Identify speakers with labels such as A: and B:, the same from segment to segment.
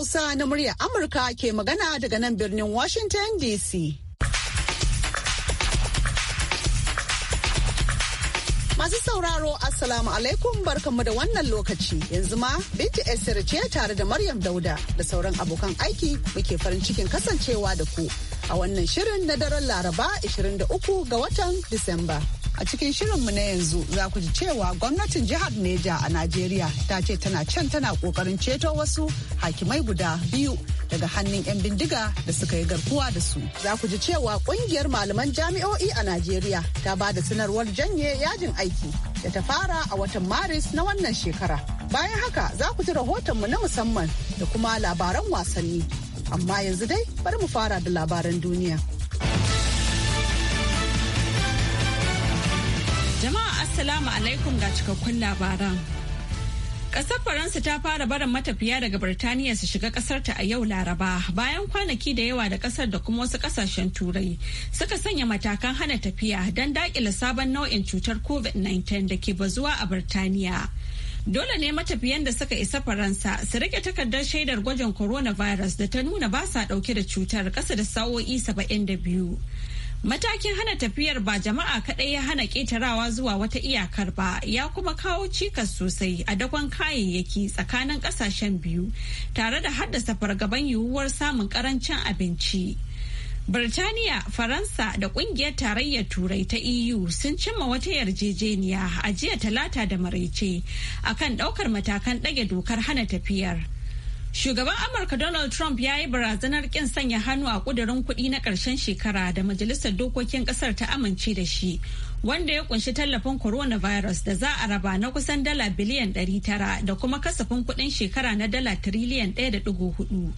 A: Hausa na murya Amurka ke magana daga nan birnin Washington DC. Masu sauraro Assalamu alaikum barkanmu da wannan lokaci yanzu ma Binta Esther ce tare da Maryam Dauda da sauran abokan aiki muke farin cikin kasancewa da ku a wannan shirin na daren Laraba 23 ga watan Disamba. A cikin shirinmu na yanzu za ku ji cewa gwamnatin jihar Neja a Najeriya ta ce tana can tana kokarin ceto wasu hakimai guda biyu daga hannun 'yan bindiga da suka yi garkuwa da su. Za ku ji cewa kungiyar malaman jami'o'i a Najeriya ta ba da sanarwar janye yajin aiki da ta fara a watan Maris na wannan shekara. Bayan haka za ku ji rahoton mu na musamman da kuma labaran wasanni. Amma yanzu dai bari mu fara da labaran
B: duniya. Jama'a Assalamu alaikum ga cikakkun labaran. kasar Faransa ta fara barin matafiya daga Birtaniya su shiga kasarta a yau Laraba bayan kwanaki da yawa da kasar da kuma wasu kasashen Turai suka sanya matakan hana tafiya don daƙile sabon nau'in cutar COVID-19 da ke bazuwa a Birtaniya. Dole ne matafiyan da suka isa Faransa su rike takardar shaidar gwajin coronavirus da ta nuna ba sa ɗauke da cutar ƙasa da sa'o'i 72. Matakin hana tafiyar ba jama'a kaɗai ya hana ƙetarawa zuwa wata iyakar ba ya kuma kawo cikas sosai a dakon kayayyaki tsakanin ƙasashen biyu tare da haddasa fargaban yiwuwar samun ƙarancin abinci. Birtaniya, Faransa da kungiyar tarayyar Turai ta EU sun cimma wata yarjejeniya a jiya talata da maraice akan daukar matakan ɗage dokar hana tafiyar. Shugaban Amurka Donald Trump ya yi barazanar kin sanya hannu a kudurin kuɗi na ƙarshen shekara da Majalisar Dokokin ƙasar ta amince da shi, wanda ya kunshi tallafin coronavirus da za a raba na kusan dala biliyan 900 da kuma kasafin kudin shekara na dala tiriliyan 1.4.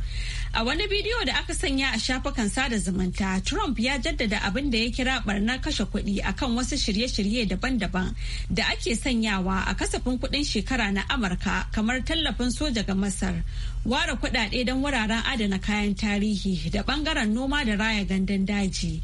B: A wani bidiyo da aka sanya a shafukan sada zumunta, Trump ya jaddada abin da ya kira barnar kashe kuɗi akan wasu shirye-shirye daban-daban da ake sanyawa a kasafin kudin shekara na Amurka kamar tallafin soja ga Masar, ware kudade don wuraren adana kayan tarihi da bangaren noma da raya gandun daji.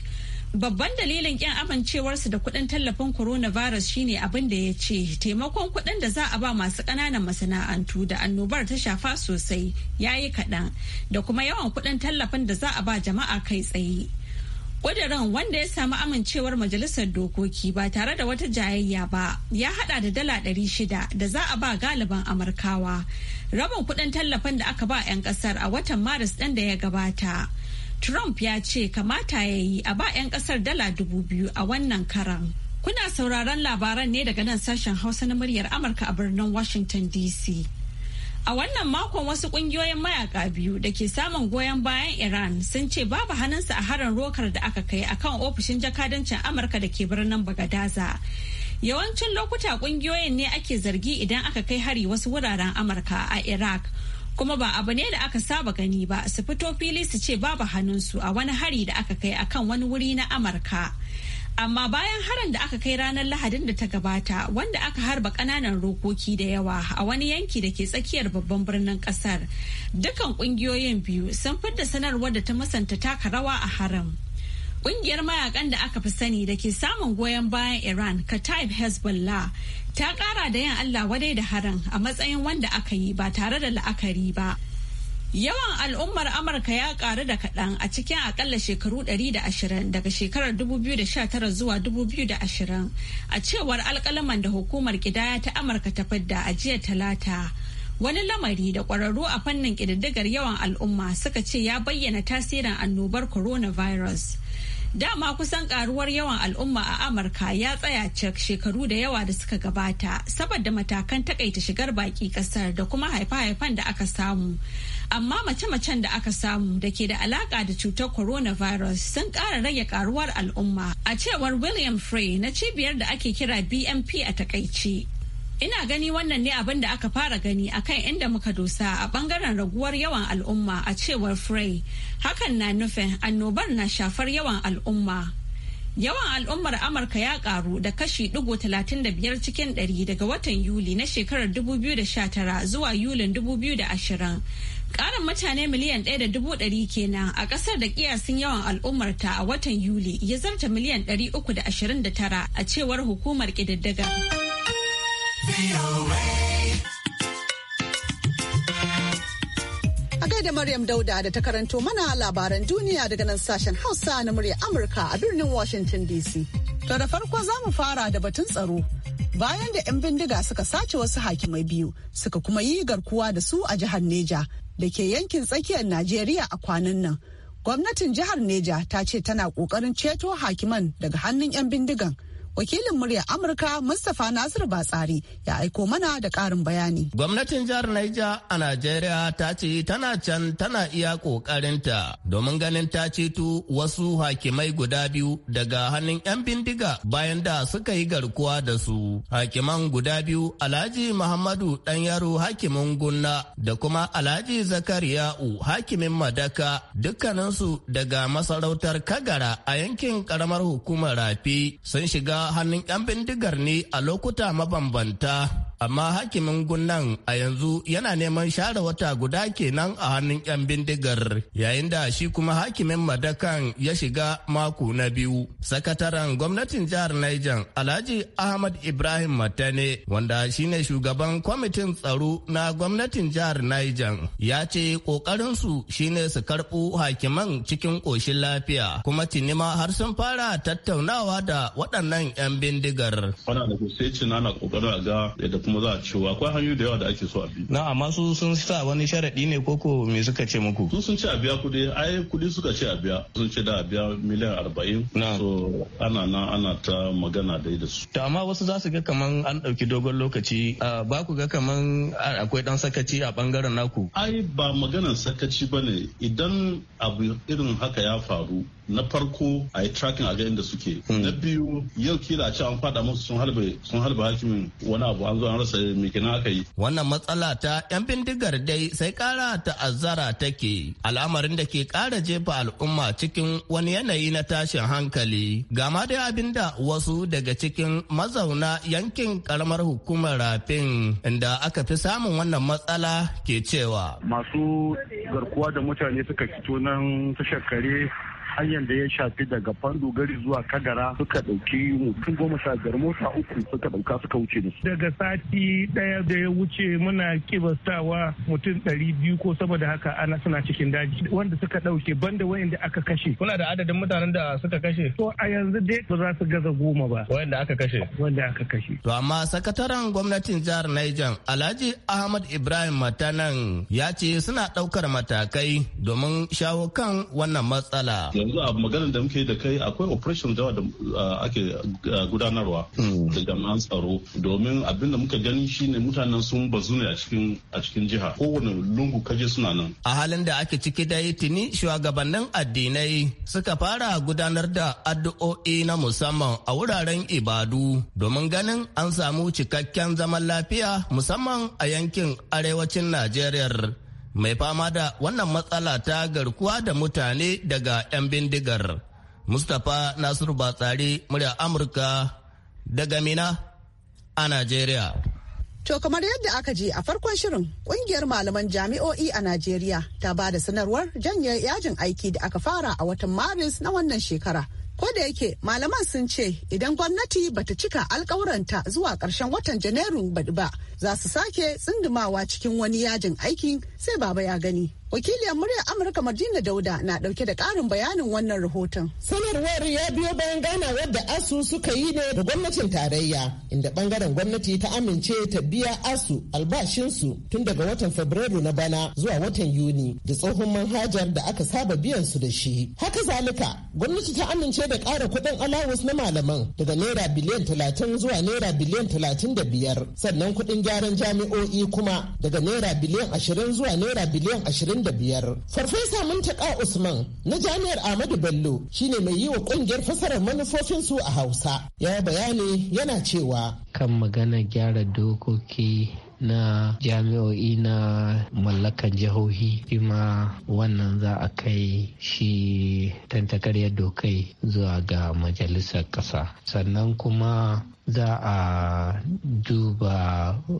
B: Babban dalilin ƙin amincewarsu da kuɗin tallafin coronavirus shine abin da ya ce taimakon kuɗin da za a ba masu ƙananan masana'antu da annobar ta shafa sosai ya yi kaɗan da kuma yawan kuɗin tallafin da za a ba jama'a kai tsaye. Ƙudurin wanda ya samu amincewar majalisar dokoki ba tare da wata jayayya ba ya hada da dala ɗari shida da za a ba galiban Amurkawa. Rabin kuɗin tallafin da aka ba 'yan ƙasar a watan Maris ɗin da ya gabata. Trump ya ce kamata ya yi a ba 'yan kasar dala dubu biyu a wannan karan. Kuna sauraron labaran ne daga nan sashen Hausa na muryar Amurka a birnin Washington DC. A wannan makon wasu kungiyoyin mayaka biyu da ke samun goyon bayan Iran sun ce babu hannunsa a harin rokar da aka kai a kan ofishin jakadancin Amurka da ke birnin Bagadaza. Yawancin lokuta kungiyoyin ne ake zargi idan aka kai hari wasu wuraren Amurka a Iraq. kuma ba abu ne da aka saba gani ba su fito fili su ce babu hannunsu a wani hari da aka kai akan wani wuri na amurka amma bayan harin da aka kai ranar lahadin da ta gabata wanda aka harba kananan rokoki da yawa a wani yanki da ke tsakiyar babban birnin kasar dukkan kungiyoyin biyu sun fidda sanarwar da ta musanta taka rawa a harin Kungiyar mayakan da aka fi sani da ke samun goyon bayan Iran, Kataib Hezbollah, ta kara da yin Allah wadai da haran a matsayin wanda aka yi ba tare da la'akari ba. Yawan al'ummar Amurka ya karu da kaɗan a cikin akalla shekaru 120 daga shekarar 2019 zuwa 2020 a cewar alkalaman da hukumar kidaya ta Amurka ta fadda a jiya talata. Wani lamari da kwararru a fannin ƙididdigar yawan al'umma suka ce ya bayyana tasirin annobar coronavirus. Dama kusan karuwar yawan al'umma a Amurka ya tsaya cak shekaru da yawa da suka gabata saboda matakan takaita shigar baki kasar da kuma haife-haifen da aka samu. Amma mace-macen da aka samu da ke da alaka da cutar coronavirus sun ƙara rage karuwar al'umma a cewar William Frey na cibiyar da ake kira BMP a takaici. Ina gani wannan ne abin da aka fara gani a kan inda muka dosa a bangaren raguwar yawan al'umma a cewar Frey. Hakan na nufin annobar na shafar yawan al'umma. Yawan al'ummar Amurka ya karu da kashi da biyar cikin ɗari daga watan Yuli na shekarar 2019 zuwa Yulin 2020. Karin mutane miliyan ɗaya da dubu ɗari kenan a ƙasar da ƙiyasin yawan al'ummarta a watan Yuli ya zarta miliyan ɗari uku da tara a cewar hukumar ƙididdiga
A: A gaida Maryam Dauda da ta karanto mana labaran duniya daga nan sashen Hausa na murya Amurka a birnin Washington DC. To da farko za mu fara da batun tsaro. Bayan da 'yan bindiga suka sace wasu hakimai biyu suka kuma yi garkuwa da su a jihar Neja da ke yankin tsakiyar Najeriya a kwanan nan. Gwamnatin jihar Neja ta ce tana kokarin ceto hakiman daga hannun 'yan bindigan. wakilin murya amurka mustapha nasiru batsari ya aiko mana da karin bayani
C: gwamnatin jihar naija a najeriya ta ce tana can tana iya kokarinta domin ganin ta ceto wasu hakimai guda biyu daga hannun yan bindiga bayan da suka yi garkuwa da su hakiman guda biyu alhaji muhammadu dan yaro hakimin gunna da kuma alhaji zakariya u hakimin madaka dukkaninsu daga masarautar kagara a yankin karamar hukumar rafi sun shiga hannun 'yan bindigar ne a lokuta mabambanta amma hakimin gunnan a yanzu yana neman share wata guda kenan a hannun 'yan bindigar yayin da shi kuma hakimin madakan ya shiga mako na biyu sakataren gwamnatin jihar Niger alhaji ahmad ibrahim matane wanda shine shugaban kwamitin tsaro na gwamnatin jihar Niger ya ce kokarinsu shine su karɓo hakiman cikin ƙoshin lafiya kuma tinima har sun fara tattaunawa da waɗannan 'yan bindigar. a kuma za a wa akwai hanyoyi da yawa da ake so a bi na amma su sun sa wani sharaɗi ne ko ko me suka ce muku su sun ce a
D: biya kuɗi ai kuɗi suka ce a biya sun ce da a biya miliyan arba'in so ana na ana ta magana da da su
C: to amma wasu za su ga kaman an ɗauki dogon lokaci ba ku ga kaman akwai ɗan sakaci a ɓangaren naku
D: ai ba maganan sakaci bane idan abu irin haka ya faru na farko a yi tracking a ga inda suke hmm. na biyu yau kila a ce an fada musu sun halbe sun harbe hakimin wani abu an zo an rasa me kina aka yi
C: wannan matsala ta yan bindigar dai sai kara ta'azzara take al'amarin da ke kara jefa al'umma cikin wani yanayi na tashin hankali gama dai abin da wasu daga cikin mazauna yankin karamar hukumar rafin inda aka fi samun wannan matsala ke
D: cewa masu garkuwa da mutane suka fito nan tashar kare hanyar
E: da ya shafi daga gari zuwa kagara suka dauki mutum goma sha biyar mota uku suka
C: ɗauka suka wuce da su. Daga sati ɗaya da ya wuce muna kibastawa mutum ɗari biyu ko saboda haka ana suna cikin daji wanda suka ɗauke banda wayanda aka kashe. Kuna da adadin mutanen da suka kashe? To a yanzu dai ba za su gaza goma ba. Wayanda aka kashe? Wanda aka kashe. To amma sakataren gwamnatin jihar Niger Alhaji Ahmad Ibrahim Matanan ya ce suna ɗaukar matakai domin shawo kan wannan matsala. yanzu
F: a
D: maganar da muke da kai akwai operation da uh, ake uh, gudanarwa hmm. da jami'an tsaro domin abin da muka gani shine mutanen sun bazu ne a cikin jiha kowane lungu kaje suna nan
C: a halin da ake ciki da tuni shugabannin addinai suka fara gudanar da addu'o'i na musamman a wuraren ibadu domin ganin an samu cikakken zaman lafiya musamman a yankin arewacin Najeriya mai fama da wannan matsala ta garkuwa da mutane daga 'yan bindigar. Mustapha Nasiru Batsari murya Amurka daga Mina a Najeriya.
A: To kamar yadda aka je a farkon shirin kungiyar malaman jami'o'i a Najeriya ta ba da sanarwar janye yajin aiki da aka fara a watan Maris na wannan shekara Ko da yake malaman sun ce idan gwamnati bata cika alkawuranta zuwa ƙarshen watan Janairu ba za su sake tsindimawa cikin wani yajin aikin sai baba ya gani. Wakiliyar muryar Amurka Madina Dauda na dauke da karin bayanin wannan rahoton.
G: Sanarwar ya biyo bayan ganawar da ASU suka yi ne da gwamnatin tarayya inda bangaren gwamnati ta amince ta biya ASU albashinsu tun daga watan Fabrairu na bana zuwa watan Yuni da tsohon manhajar da aka saba biyan su da shi. Haka zalika gwamnati ta amince da ƙara kuɗin alawus na malaman daga naira biliyan talatin zuwa naira biliyan talatin da biyar sannan kuɗin gyaran jami'o'i kuma daga naira biliyan ashirin zuwa naira biliyan ashirin 25. Farfesa Muntaka Usman na Jami'ar Ahmadu Bello shine mai yi wa kungiyar fasarar manufofin su a Hausa. Ya bayani yana cewa kan magana gyara dokoki na jami'o'i na mallakan
C: jihohi ima wannan za a kai shi tantakaryar dokai zuwa ga majalisar ƙasa sannan kuma za a duba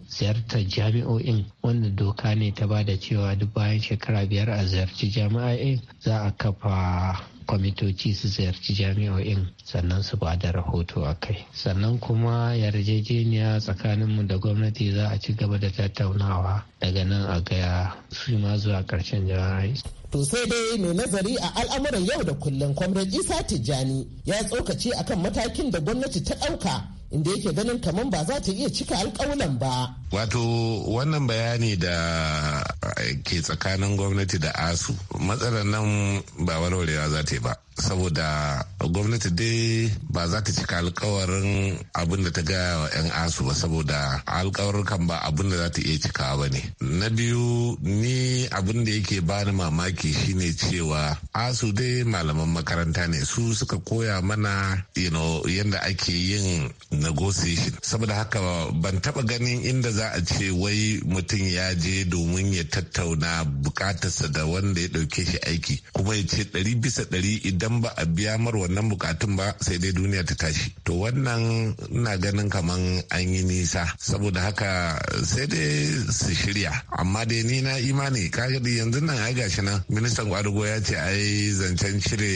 C: ziyartar jami'o'in wanda doka ne ta ba da cewa duk bayan shekara biyar a ziyarci jami'o'in za a kafa kwamitoci su ziyarci jami'o'in sannan su ba da rahoto a kai sannan kuma yarjejeniya tsakaninmu da gwamnati za a ci gaba da tattaunawa daga nan a
G: gaya su ma zuwa karshen jami'ai To sai dai mai nazari a al'amuran yau da kullum Comrade Isa Tijjani ya tsokaci akan matakin da gwamnati ta ɗauka inda yake ganin kamar ba za ta iya cika alkawulan ba.
H: Wato wannan bayani da eh, ke tsakanin gwamnati da asu matsalar nan ba warwarewa za ta yi ba. saboda gwamnati dai ba za ta cika alkawarin abin da ta gaya wa 'yan asu ba saboda alkawarkan ba abin da za ta iya cika ba ne na biyu ni abin da yake bani mamaki shine cewa asu dai malaman makaranta ne su suka koya mana yadda ake yin negotiation saboda haka ban taba ganin inda za a ce wai mutum ya je domin ya tattauna bukatarsa da wanda ya ɗauke shi aiki kuma ya ce ɗari bisa ɗari idan idan ba a biya mar wannan bukatun ba sai dai duniya ta tashi to wannan na ganin kaman an yi nisa saboda haka sai dai su shirya amma dai ni na imani kaga yanzu nan ai gashi nan ministan kwadugo ya ce ai zancen cire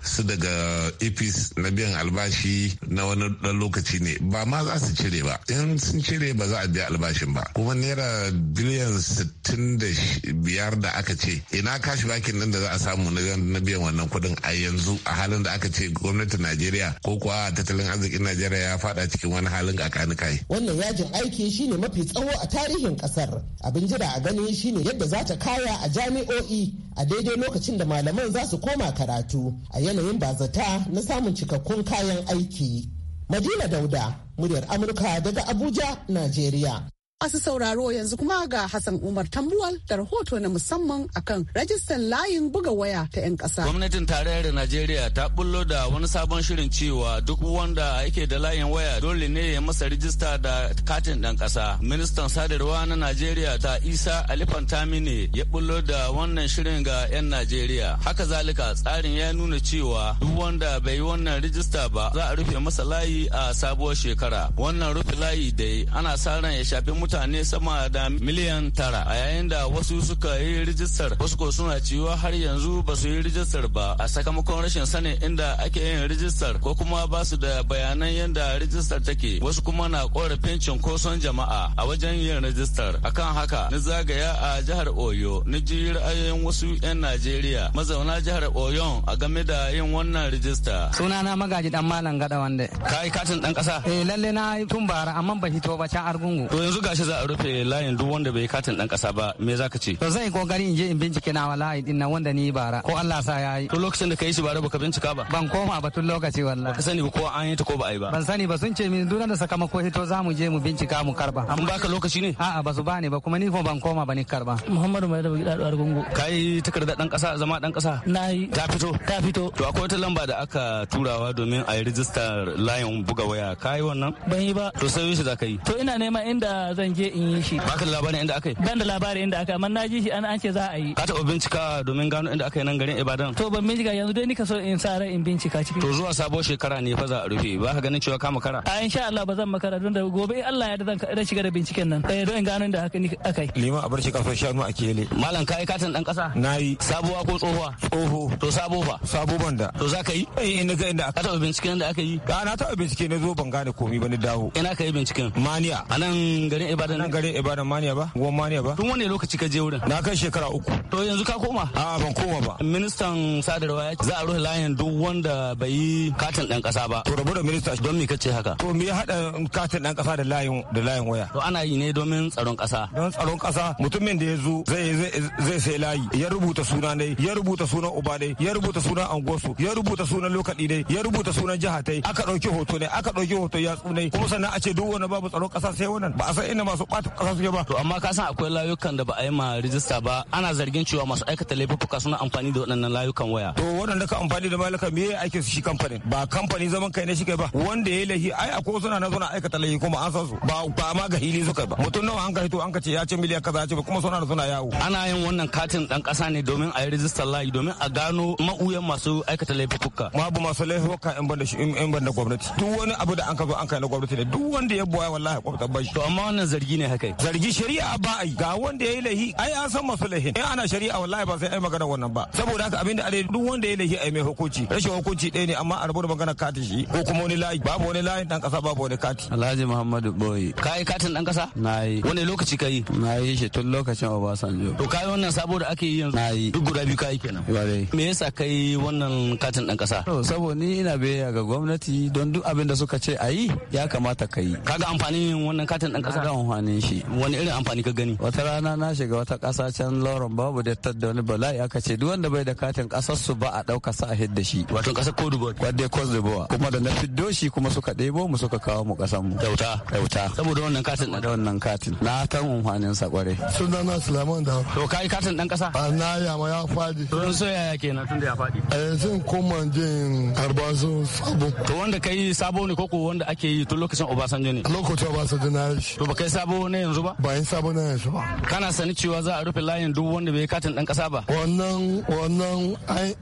H: su daga ipis na biyan albashi na wani dan lokaci ne ba ma za su cire ba in sun cire ba za a biya albashin ba kuma naira biliyan sittin da biyar da aka ce ina kashi bakin nan da za a samu na biyan wannan kudin a yanzu a halin da aka ce gwamnatin najeriya ko kuwa tattalin arzikin najeriya ya fada cikin wani halin kakani kai
G: wannan yajin aiki shine mafi tsawo a tarihin kasar abin jira a gani shine yadda za ta kaya a jami'o'i a daidai lokacin da malaman za su koma karatu a yanayin bazata na samun cikakkun kayan aiki madina dauda muryar amurka daga abuja najeriya
A: Masu sauraro yanzu kuma ga Hassan Umar Tambuwal da rahoto na musamman akan rajistan layin buga waya ta 'yan ƙasa.
D: Gwamnatin tarayyar Najeriya ta bullo da wani sabon shirin cewa duk wanda yake da layin waya dole ne ya masa rijista da katin ɗan ƙasa. Ministan sadarwa na Najeriya ta Isa Alifantami ne ya bullo da wannan shirin ga 'yan Najeriya. Haka zalika tsarin ya nuna cewa duk wanda bai yi wannan rijista ba za a rufe masa layi a sabuwar shekara. Wannan rufe layi dai ana sa ran ya shafi mutane mutane sama da miliyan tara a yayin da wasu suka yi rijistar wasu ko suna cewa har yanzu ba su yi rijistar ba a sakamakon rashin sanin inda ake yin rijistar ko kuma ba su da bayanan yadda rijistar take wasu kuma na korafin cinkoson jama'a a wajen yin rijistar akan haka ni zagaya a jihar oyo ni ji ra'ayoyin wasu 'yan najeriya mazauna jihar oyo a game da yin wannan rijista sunana magaji dan malam gada wanda kai katin dan kasa eh lalle na tun bara amma ba hito ba can argungu to yanzu gashi ce za a rufe layin duk wanda bai katin dan kasa ba me zaka ce to zan yi kokari in je in bincike na wa layi din nan wanda ni bara ko Allah sa ya yi to lokacin da ka yi shi bara baka bincika ba ban koma ba tun lokaci wallahi ka sani ko an yi ta ko ba ai ba ban sani ba sun ce min duk da sakamako hito za mu je mu bincika mu karba an baka lokaci ne a'a ba su bani ba kuma ni ko ban koma ba ni karba Muhammadu Mai da Bugida Duwar Gungu kai takarda dan kasa zama dan kasa na yi ta fito ta fito to akwai wata lamba da aka turawa domin a yi rijistar layin buga waya kai wannan ban yi ba to sai shi za ka yi to ina nema inda zai zan je in yi shi ba ka da labarin inda aka yi ban da labarin inda aka amma na ji shi an ce za a yi ka taɓa bincika domin gano inda aka yi nan garin ibadan to ban bincika yanzu dai nika so in sa ran in bincika cikin to zuwa sabo shekara ne fa za a rufe ba ka ganin cewa ka makara a insha Allah ba zan makara don da gobe Allah ya da zan shiga da binciken nan Kai eh, don in gano inda aka aka yi
I: lima a shi kafin shanu a kele malam
D: yi katin dan kasa
I: yi. sabuwa ko tsohuwa tsoho to sabo fa sabo banda to za ka yi eh, in ga inda aka taɓa binciken da aka yi na taɓa bincike na zo ban gane komai ba ni dawo ina ka yi binciken maniya a nan garin ibadan nan gare ibadan maniya ba gwan maniya ba tun wani lokaci ka je wurin na kai shekara uku to yanzu ka koma a ban koma ba ministan sadarwa ya za a rufe layin duk
D: wanda bai yi katin dan kasa ba to rabu da minista don me kace haka to
I: me ya hada katin dan kasa da layin
D: da layin waya to ana yi ne domin tsaron kasa
I: don tsaron kasa mutumin da ya zo zai zai sai layi ya rubuta suna ne ya rubuta sunan uba ne ya rubuta sunan angosu ya rubuta sunan lokaci ne ya rubuta sunan jiha tai aka dauki hoto ne aka dauki hoto ya tsunai kuma sannan a ce duk wani babu tsaron kasa sai wannan ba a san ina ne masu ɓata ƙasa suke ba. To amma
D: ka san akwai layukan da ba a yi ma rijista ba ana zargin cewa masu aikata laifuka suna amfani da waɗannan layukan waya.
I: To waɗanda ka amfani da layukan me ya aike su shi kamfanin ba kamfanin zaman kai ne shi kai ba wanda ya lahi ai akwai suna na suna aikata laifi kuma an san su ba ba ma ga hili suka ba mutum nawa an ka hito an ka ce ya ce miliyan kaza ya ce kuma suna da suna yawo. Ana
D: yin wannan katin ɗan ƙasa ne domin a yi rijistar layi domin a gano ma'uyan masu aikata laifuka.
I: Ma bu masu laifuka in ban da shi in ban da gwamnati. Duk wani abu da an ka zo an kai na gwamnati ne duk wanda ya buwa wallahi kwamta bai. To amma wannan zargi ne haka zargi shari'a ba ai ga wanda yayi lahi ai an san masu lahi. in ana shari'a wallahi ba sai ai magana wannan ba saboda haka abinda alai duk wanda yayi lahi ai mai hukunci rashin hukunci ɗaya ne amma a rubuta magana kati shi ko kuma wani layi babu wani layin dan kasa babu wani kati Alhaji Muhammadu Boye kai katin dan kasa
D: nayi wani lokaci kai nayi shi tun lokacin Obasanjo to kai wannan sabo da ake yi yanzu nayi duk guda biyu kai kenan me yasa kai wannan katin dan kasa to saboda ni ina biyayya ga gwamnati don duk abin da suka ce ayi ya kamata kai kaga amfanin wannan katin dan kasa amfanin shi wani irin amfani ka gani wata rana na shiga wata kasa can lauren babu da da wani bala'i aka ce duk wanda bai da katin kasar su ba a dauka sa a hidda shi wato kasar Cote d'Ivoire wadda Cote d'Ivoire kuma da na fiddo shi kuma suka ɗebo mu suka kawo mu kasan mu kyauta kyauta saboda wannan katin da wannan katin na tan amfanin sa kware
E: sunan na Sulaiman da to kai katin dan kasa na ya ma ya fadi don so yaya kenan tun da ya fadi a yanzu kuma jin karbazo
D: sabo to wanda kai sabo ne koko wanda ake yi tun lokacin Obasanjo ne lokacin
E: Obasanjo na shi to ba kai sabo na yanzu ba? Ba yin sabo na yanzu ba.
D: Kana sani cewa za a rufe layin duk wanda bai katin dan kasa ba? Wannan wannan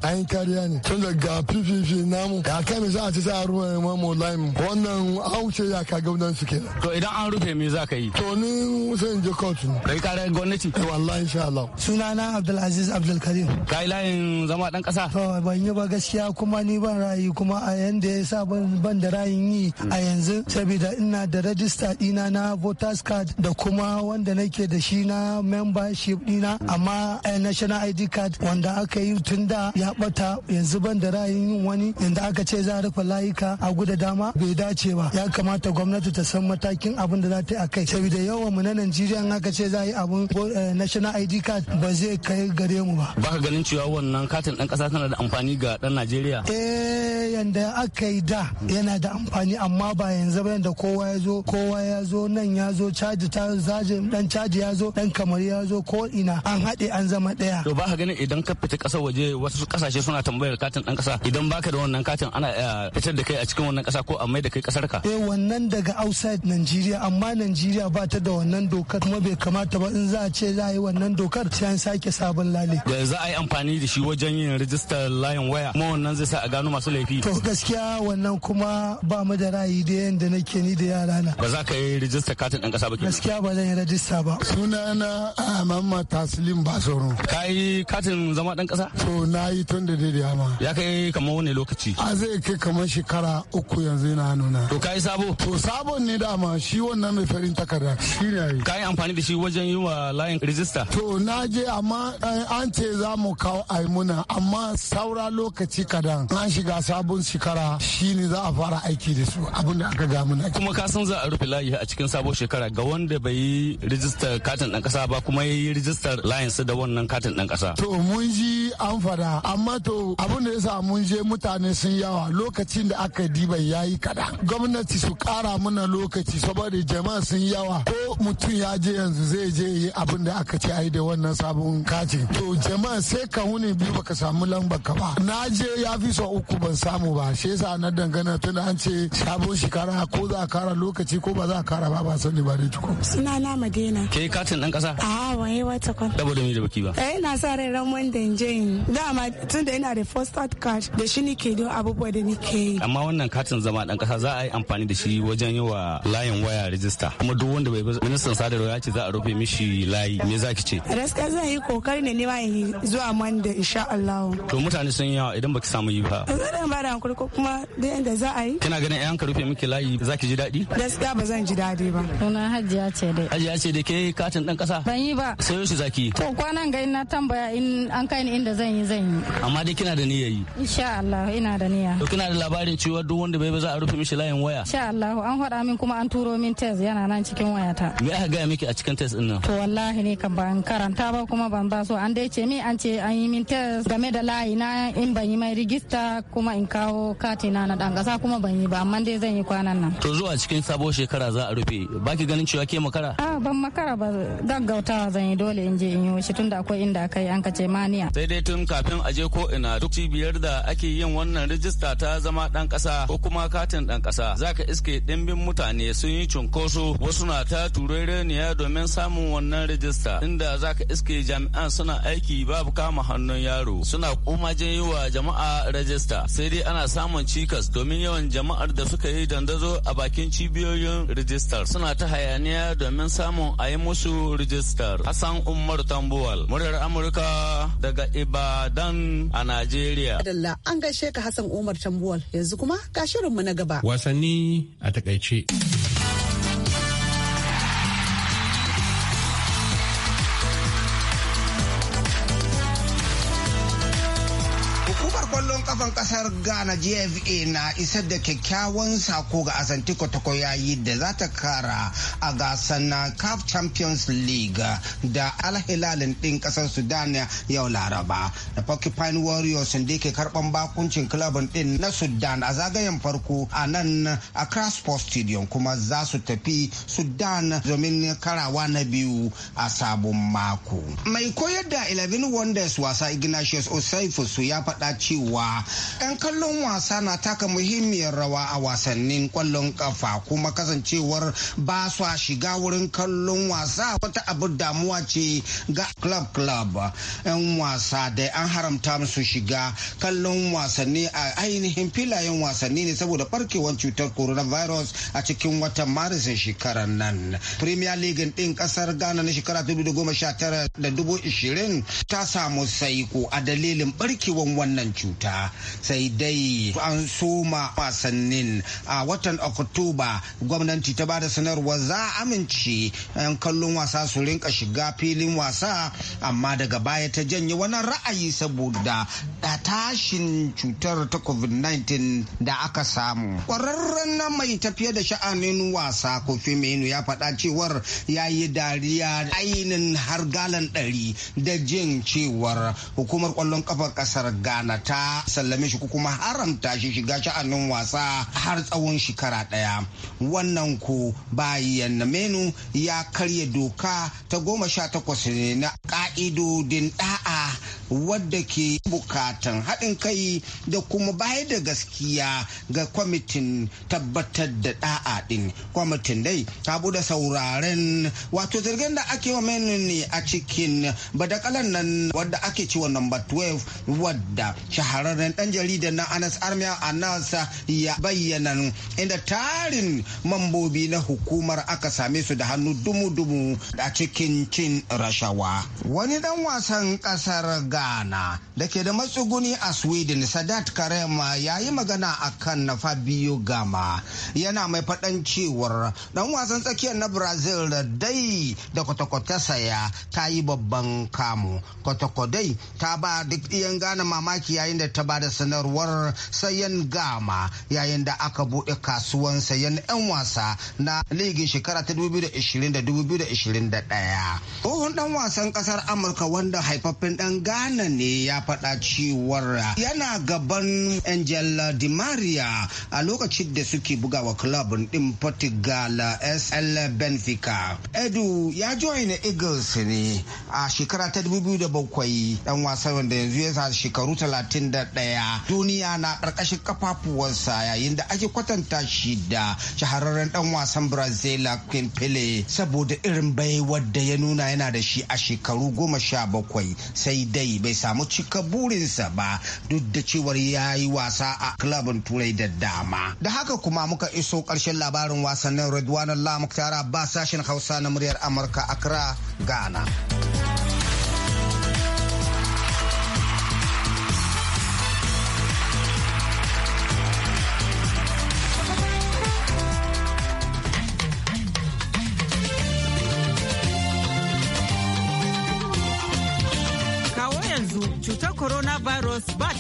D: an kariya ne. Tun daga PPP
E: namu ya kai mai za a ci za a rufe mu layin. Wannan an ya ka gwamnan su kenan.
D: To idan an rufe me za ka yi?
J: To ni sai in je kotu. Kai kare gwamnati? Eh, wallahi insha Allah. Sunana Abdulaziz Abdulkarim. Kai layin zama dan kasa? To ban yi ba gaskiya kuma ni ban rayu kuma a yanda ya sa ban da rayin yi a yanzu saboda ina da rajista dina na voters card da kuma wanda nake da shi na membership dina amma eh, national id card wanda aka yi tun da ya bata yanzu ban da ra'ayin yin wani yanda aka ce za a rufe layuka a guda dama bai dace ba ya kamata gwamnati ta san matakin abin da za ta yi a kai saboda yawan mu na najeriya in aka ce za a yi abin eh, national id card ba zai kai gare mu ba
D: ba ganin cewa wannan katin dan kasa tana da amfani ga dan najeriya
J: eh yanda aka yi da yana da amfani amma ba yanzu ba yanda kowa ya zo kowa ya zo nan ya zo caji ta zaje dan caji ya zo dan kamar ya zo ko ina an haɗe an zama ɗaya. To
D: ba ka ganin idan ka fita ƙasar waje wasu ƙasashe suna tambayar katin ɗan ƙasa idan baka da wannan katin ana eh, fitar da kai a cikin wannan ƙasa ko a mai kai ƙasar ka. Eh
J: wannan daga outside nigeria amma nigeria ba ta da wannan dokar kuma bai kamata ba in za a ce za a yi wannan dokar sai an sake sabon lale.
D: Da za a yi amfani da shi wajen yin rijistar layin waya kuma wannan zai sa a gano masu
J: laifi. To gaskiya wannan kuma ba mu da ra'ayi da yanda nake ni da yara na.
D: Ba za ka yi rijistar katin ɗan shugaban kasa ba gaskiya
J: ba zan yi rajista ba sunana mamma taslim
E: basoro
D: ka yi katin zama dan kasa to na yi tun da daidai ma ya kai kamar wani lokaci
E: a zai kai kamar shekara uku yanzu yana nuna to
D: ka yi sabo to sabon ne dama shi
E: wannan mai farin takarda shi ne
D: ka yi amfani da shi wajen yi wa layin rajista to na je
E: amma eh, an ce za mu kawo ai muna amma saura lokaci kadan an shiga sabon shekara shi ne za a fara aiki da su abinda aka ga muna kuma ka san
D: za a rufe layi a cikin sabon shekara ga wanda bai yi rijistar katin ɗan ƙasa ba kuma ya yi rijistar layinsu da wannan katin ɗan ƙasa. To
E: mun ji an fada amma to abin da ya samu je mutane sun yawa lokacin da aka diba ya yi kada gwamnati su kara mana lokaci saboda jama'a sun yawa ko mutum ya je yanzu zai je yi abin da aka ce ai da wannan sabon katin to jama'a sai ka wuni biyu baka samu lamba ka ba na je ya fi so uku ban samu ba shi yasa na dangana tun an ce sabon shekara ko za a kara lokaci ko ba za a kara
D: ba ba sani ba da tuko suna na madina ke katin dan kasa a wai wata kwan da me da baki ba
K: eh na sa ran wanda in je zan yi dama tun da ina da foster cash da shi nike don abubuwa da nike yi
D: amma wannan katin zama dan kasa za a yi amfani da shi wajen yi wa layin waya rijista kuma duk wanda bai ministan sadarwa ya ce za a rufe mishi layi me za ki ce
K: gaskiya zan yi kokari ne nima yi zuwa manda insha Allah
D: to mutane sun yawa idan baki samu yi ba
K: zan ba da hankuri ko kuma da yanda za a yi
D: kina ganin ayan ka rufe miki layi za ki ji daɗi gaskiya
K: ba zan ji daɗi
A: ba sunan hajiya ce dai
D: hajiya ce dai ke katin dan kasa ban yi ba sai yau shi zaki
B: to kwanan ga ina tambaya in an kai ni inda da zan yi zan yi
D: amma dai kina da niyyar yi
B: insha Allah ina da niyya to
D: kina da labarin cewa duk wanda bai ba za a rufe mishi layin waya
B: insha Allah an faɗa min kuma an turo min test yana nan cikin wayata
D: me aka gaya miki a cikin test din
B: to wallahi ne kan ban karanta ba kuma ban ba so an dai ce min an ce an yi min test game da layi na in ban yi mai rigista kuma in kawo kati na dan kasa kuma ban yi ba amma dai zan yi kwanan nan
D: to zuwa cikin sabo shekara za a rufe baki ganin cewa ke makara
B: a ah, ban makara ba gaggautawa zan yi dole in je in yi shi tunda akwai inda aka yi an kace maniya
D: sai daidai tun kafin a je ko ina duk cibiyar da ake yin wannan rijista ta zama ɗan kasa ko kuma katin dan kasa zaka iske dimbin mutane sun yi cunkoso wasu na ta turereniya domin samun wannan rijista inda zaka ka iske jami'an suna aiki babu kama hannun yaro suna kuma yi wa jama'a rajista sai dai ana samun cikas domin yawan jama'ar da suka yi dandazo a bakin cibiyoyin rijistar suna ta hayaniya domin samun a yi musu rijistar hassan umar tambuwal muryar amurka daga Ibadan a Najeriya.
A: Adalla an gaishe ka Hassan Umar Tambuwal yanzu kuma ga shirinmu na gaba.
H: Wasanni a takaice.
L: kasar ghana gfa na isar da kyakkyawan sako ga asanti kwatakwa yayi da za ta kara a gasar na caf champions league da alhilalin din kasar sudan yau laraba da porcupine warriors da ke karban bakuncin kilabin din na sudan a zagayen farko a nan a crossport stadium kuma za su tafi sudan domin karawa na biyu a sabon mako mai koyar da 11 wonders wasa ignatius osaifusu ya faɗa cewa 'yan kallon wasa na taka muhimmiyar rawa a wasannin kwallon kafa kuma kasancewar ba su shiga wurin kallon wasa wata abu damuwa ce ga club club 'yan wasa da an haramta musu shiga kallon wasanni a ainihin filayen wasanni ne saboda barkewar cutar coronavirus a cikin watan marisin shekarar nan premier league din kasar ghana na shekara 2019 ta samu saiko a dalilin barkewar wannan cuta sai dai an soma wasannin a watan oktoba gwamnati ta bada sanarwa za a amince yan kallon wasa su rinka shiga filin wasa amma daga baya ta janye wani ra'ayi saboda tashin cutar ta covid-19 da aka samu kwararren na mai tafiya da sha'anin wasa kofi menu ya faɗa cewar ya yi dariya ainihin har galan ɗari da jin cewar hukumar kwallon kafar ƙasar ghana ta sallame shi ku kuma haramta shi shiga sha'anin wasa har tsawon shekara ɗaya wannan ku bayan na menu ya karya doka ta goma sha takwas ne na ƙa'idodin ɗa'a wadda ke bukatan haɗin kai da kuma bayar da gaskiya ga kwamitin tabbatar da ɗa'a ɗin kwamitin dai ta bude sauraren wato zargin da ake wa ne a cikin badakalan nan wadda ake ciwon number 12 wadda shahararren ɗan jarida na anas armiya anas ya bayyana inda tarin mambobi na hukumar aka same su da hannu dumu-dumu a cikin cin rashawa wani dan wasan ƙasar ga ghana da ke da matsuguni a sweden sadat karema ya yi magana a kan na fabio gama yana mai faɗan cewar ɗan wasan tsakiyar na brazil da dai da kwatakwata saya ta yi babban kamu kwatakwadai ta ba duk iyan gane mamaki yayin da ta ba da sanarwar sayan gama yayin da aka buɗe kasuwan sayan 'yan wasa na ligin shekara ta 2020 da 2021 tsohon ɗan wasan ƙasar amurka wanda haifaffen ɗan gane Ghana ne ya faɗa cewar yana gaban Angel Di Maria a lokacin da suke bugawa club ɗin Portugal SL Benfica. Edu ya join Eagles ne a shekara ta 2007 dan wasan wanda yanzu ya sa shekaru 31 duniya na ƙarƙashin kafafuwansa yayin da ake kwatanta shi da shahararren dan wasan Brazil Queen Pele saboda irin baiwar da ya nuna yana da shi a shekaru 17 sai dai bai samu cika burinsa ba duk da cewar ya yi wasa a klabin turai da dama. Da haka kuma muka iso karshen labarin wasannin Redwan Allah Mukhtar Abbas sashen Hausa na muryar Amurka Accra, Ghana.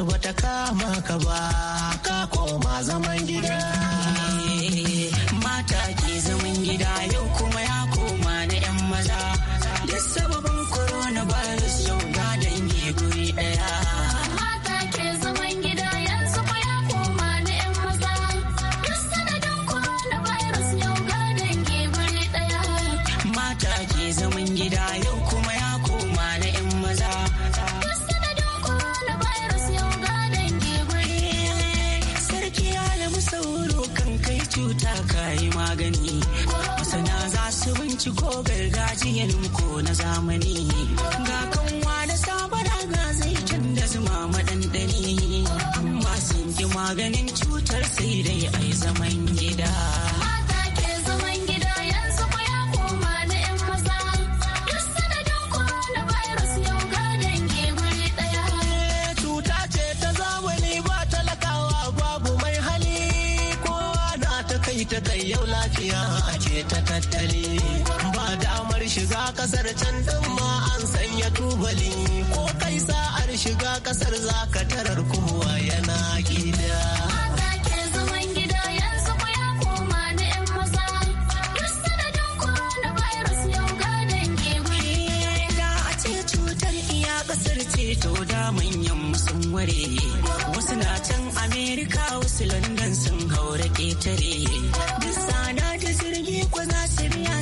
F: bata kama ka ba ka koma zaman gida
K: abinci ko gargajiyar ko na zamani ga kanwa da sabara ga zaitun da zuma madandani amma sun ki maganin cutar sai dai ai zaman ye
F: kasar can ma an sanya tubali ko kai sa'ar shiga kasar zaka tarar kowa yana gida.
K: da manyan sun ware wasu na can amerika wasu london sun haura ƙetare. duk na da jirgi ko za su biya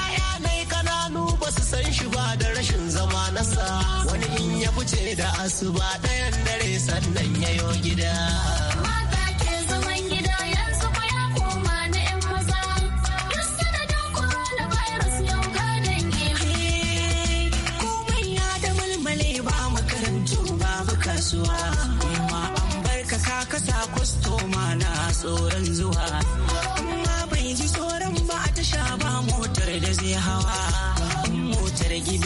F: shi ba da rashin zama na sa wani in ya fice da asuba ɗayan dare sannan ya yo gida mata
K: ke zaman gida yanzu ba ya koma na yan maza duk sanadin coronavirus yau gadon gefe komai ya da mulmule ba makarantu babu kasuwa amma an barka ka kasa kwastoma na tsoron zuwa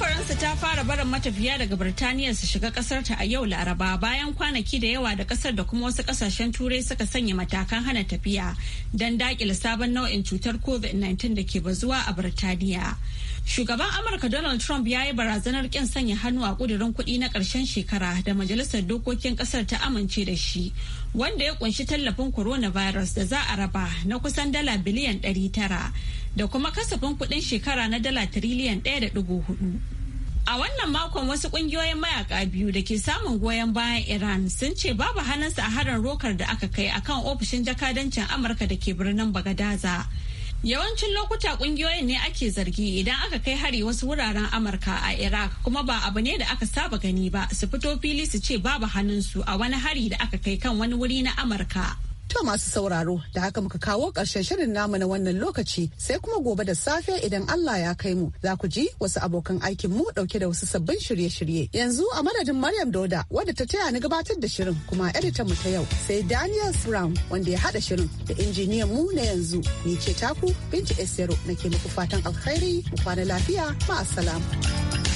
B: Faransa ta fara barin matafiya daga Birtaniya su shiga kasar a yau Laraba bayan kwanaki da yawa da kasar da kuma wasu kasashen turai suka sanya matakan hana tafiya don dakile sabon nau'in cutar COVID-19 da ke bazuwa a Birtaniya. Shugaban Amurka Donald Trump ya yi barazanar kin sanya hannu a kudurin kuɗi na karshen shekara da Majalisar Dokokin ƙasar ta amince da shi, wanda ya kunshi tallafin coronavirus da za a raba na kusan dala biliyan ɗari tara. da kuma kasafin kudin shekara na dala tiriliyan ɗaya da ɗigo hudu. A wannan makon wasu kungiyoyin mayaka biyu da ke samun goyon bayan Iran sun ce babu hannunsa a harin rokar da aka kai akan ofishin jakadancin Amurka da ke birnin Bagadaza. Yawancin lokuta kungiyoyin ne ake zargi idan aka kai hari wasu wuraren Amurka a Iraq kuma ba abu ne da aka saba gani ba su fito fili su ce babu hannunsu a wani hari da aka kai kan wani wuri na Amurka.
A: To masu sauraro da haka muka kawo ƙarshen shirin namu na wannan lokaci sai kuma gobe da safe idan Allah ya kai mu za ku ji wasu abokan aikin mu ɗauke da wasu sabbin shirye-shirye. Yanzu a madadin Maryam doda wadda ta taya ni gabatar da shirin kuma editan mu ta yau sai Daniel Brown wanda ya hada shirin da injiniyan mu na yanzu ni ce taku Binta Esero nake muku fatan alkhairi mu kwana lafiya assalamu.